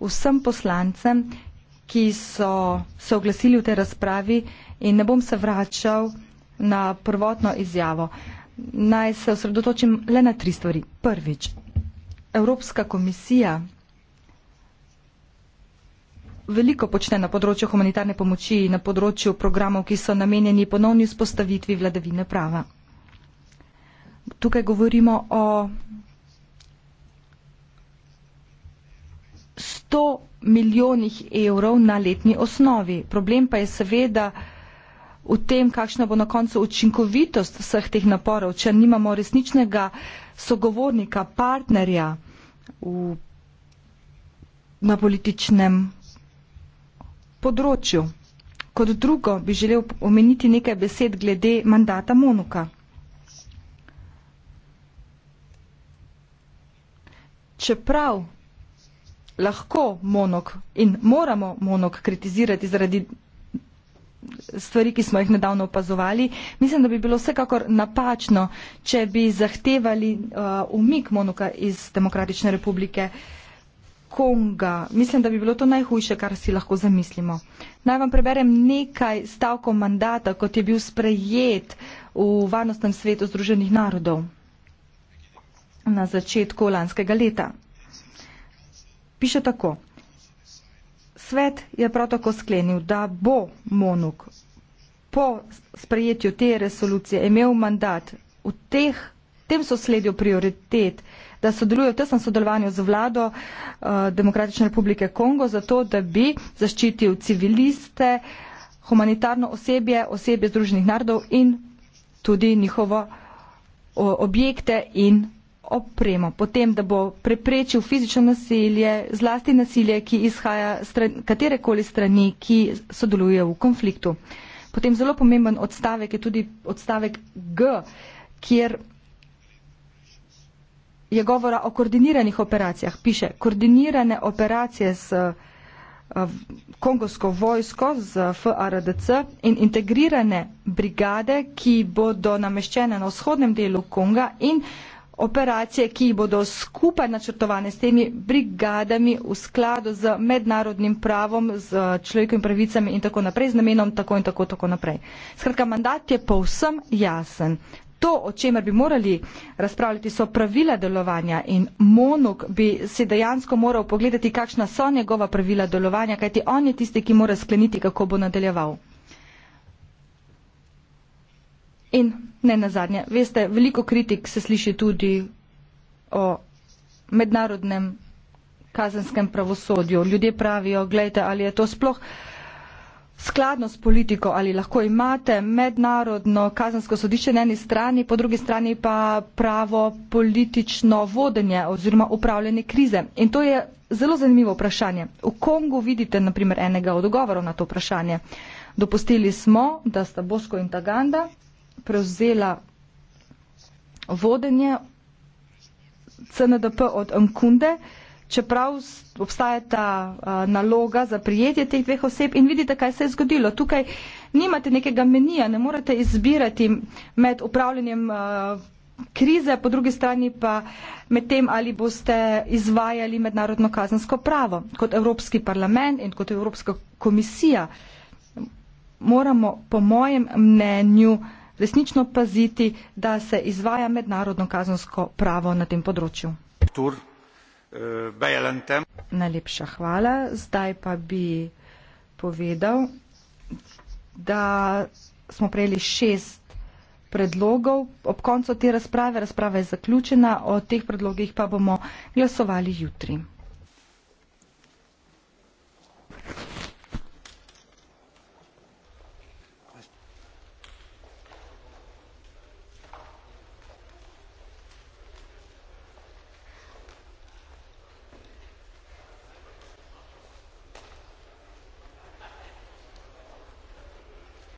vsem poslancem, ki so se oglasili v tej razpravi in ne bom se vračal na prvotno izjavo. Naj se osredotočim le na tri stvari. Prvič, Evropska komisija veliko počne na področju humanitarne pomoči in na področju programov, ki so namenjeni ponovni vzpostavitvi vladavine prava. Tukaj govorimo o 100 milijonih evrov na letni osnovi. Problem pa je seveda, da v tem, kakšna bo na koncu učinkovitost vseh teh naporov, če nimamo resničnega sogovornika, partnerja v, na političnem področju. Kot drugo bi želel omeniti nekaj besed glede mandata Monuka. Čeprav lahko Monok in moramo Monok kritizirati zaradi stvari, ki smo jih nedavno opazovali. Mislim, da bi bilo vsekakor napačno, če bi zahtevali uh, umik Monuka iz Demokratične republike Konga. Mislim, da bi bilo to najhujše, kar si lahko zamislimo. Naj vam preberem nekaj stavkov mandata, kot je bil sprejet v Varnostnem svetu Združenih narodov na začetku lanskega leta. Piše tako. Svet je prav tako sklenil, da bo Monuk po sprejetju te resolucije imel mandat v teh, tem so sledil prioritet, da sodeluje v tesnem sodelovanju z vlado uh, Demokratične republike Kongo, zato da bi zaščitil civiliste, humanitarno osebje, osebje Združenih narodov in tudi njihovo objekte in opremo, potem, da bo preprečil fizično nasilje, zlasti nasilje, ki izhaja stran, katerekoli strani, ki sodeluje v konfliktu. Potem zelo pomemben odstavek je tudi odstavek G, kjer je govora o koordiniranih operacijah. Piše, koordinirane operacije s eh, kongosko vojsko z FRDC in integrirane brigade, ki bodo nameščene na vzhodnem delu Konga in operacije, ki jih bodo skupaj načrtovane s temi brigadami v skladu z mednarodnim pravom, z človekovim pravicami in tako naprej, z namenom tako in tako, tako naprej. Skratka, mandat je povsem jasen. To, o čemer bi morali razpravljati, so pravila delovanja in Monuk bi si dejansko moral pogledati, kakšna so njegova pravila delovanja, kajti on je tisti, ki mora skleniti, kako bo nadaljeval. In ne na zadnje. Veste, veliko kritik se sliši tudi o mednarodnem kazenskem pravosodju. Ljudje pravijo, gledajte, ali je to sploh skladno s politiko, ali lahko imate mednarodno kazensko sodišče na eni strani, po drugi strani pa pravo politično vodenje oziroma upravljanje krize. In to je zelo zanimivo vprašanje. V Kongu vidite, na primer, enega od odgovorov na to vprašanje. Dopustili smo, da sta Bosko in Taganda prevzela vodenje CNDP od Ankunde, čeprav obstaja ta naloga za prijetje teh dveh oseb in vidite, kaj se je zgodilo. Tukaj nimate nekega menija, ne morete izbirati med upravljanjem krize, po drugi strani pa med tem, ali boste izvajali mednarodno kazensko pravo. Kot Evropski parlament in kot Evropska komisija moramo po mojem mnenju resnično paziti, da se izvaja mednarodno kazansko pravo na tem področju.
Tur, eh,
Najlepša hvala. Zdaj pa bi povedal, da smo prejeli šest predlogov. Ob koncu te razprave, razprava je zaključena, o teh predlogih pa bomo glasovali jutri.